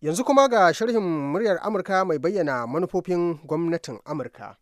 Yanzu kuma ga sharhin muryar Amurka mai bayyana manufofin gwamnatin Amurka.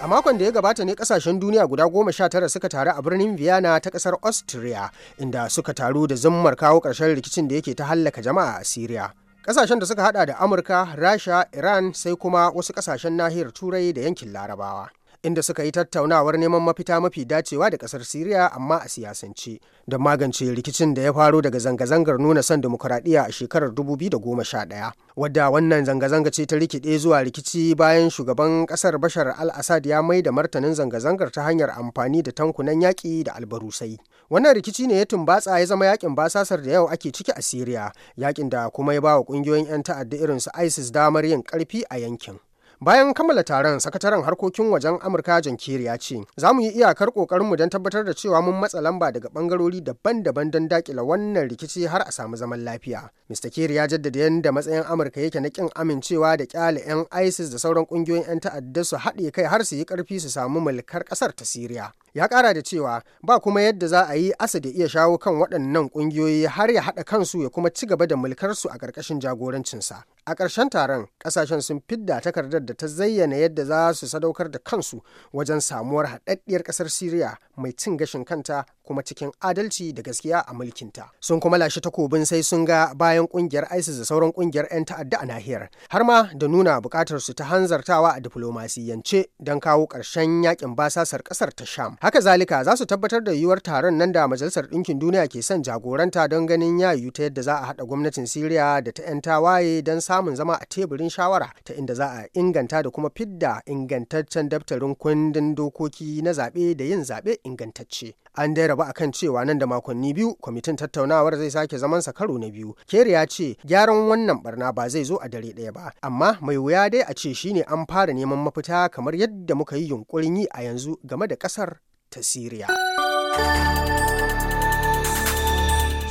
A makon da ya gabata ne kasashen duniya guda goma sha tara suka taru a birnin Vienna ta kasar Austria, inda suka taru da zammar kawo ƙarshen rikicin da yake ta hallaka jama'a a Syria. Kasashen da suka hada da Amurka, Rasha, Iran sai kuma wasu kasashen nahiyar Turai da yankin Larabawa. inda suka yi tattaunawar neman mafita mafi dacewa da kasar Siriya amma a siyasance don magance rikicin da ya faro daga zanga-zangar nuna son demokuraɗiyya a shekarar 2011 wadda wannan zanga-zanga ce ta rikide zuwa rikici bayan shugaban kasar Bashar al-Assad ya mai da martanin zanga-zangar ta hanyar amfani da tankunan yaƙi da albarusai. Wannan rikici ne ya tumbatsa ya zama yakin basasar da yau ake ciki a Siriya, yakin da kuma ya ba wa ƙungiyoyin 'yan ta'adda irin su ISIS damar yin ƙarfi a yankin. bayan kammala taron sakataren harkokin wajen amurka john kerry ya ce za mu yi iyakar kokarinmu don tabbatar da cewa mun matsa lamba daga bangarori daban-daban don dakila wannan rikici har a samu zaman lafiya mr kerry ya jaddada yadda matsayin amurka yake na kin amincewa da kyale 'yan isis da sauran ƙungiyoyin 'yan ta'adda su haɗe kai har su yi ƙarfi su samu mulkar ƙasar ta siriya ya kara da cewa ba kuma yadda za a yi asa da iya shawo kan waɗannan ƙungiyoyi har ya haɗa kansu ya kuma ci gaba da su a ƙarƙashin jagorancinsa a ƙarshen taron ƙasashen sun fidda takardar da ta zayyana yadda za su sadaukar da kansu wajen samuwar haɗaɗɗiyar ƙasar siriya mai cin gashin kanta kuma cikin adalci da gaskiya a mulkinta sun kuma lashe takobin sai sun ga bayan kungiyar isis da sauran kungiyar 'yan ta'adda a nahiyar har ma da nuna bukatar su ta hanzartawa a diplomasiyance don kawo ƙarshen yakin basasar ƙasar ta sham haka zalika za su tabbatar da yiwuwar taron nan da majalisar ɗinkin duniya ke son jagoranta don ganin ya yiwu ta yadda za a haɗa gwamnatin siriya da ta 'yan tawaye don samun zama a teburin shawara ta inda za a inganta da kuma fidda ingantaccen daftarin kundin dokoki na zaɓe da yin zaɓe ingantacce an dai raba akan cewa nan da makonni biyu kwamitin tattaunawar zai sake zamansa karo na biyu kere ya ce gyaran wannan barna ba zai zo a dare ɗaya ba amma mai wuya dai a ce shine an fara neman mafita kamar yadda muka yi yunkurin yi a yanzu game da ƙasar ta siriya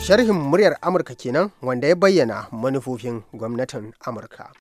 sharhin muryar amurka kenan wanda ya bayyana manufofin gwamnatin amurka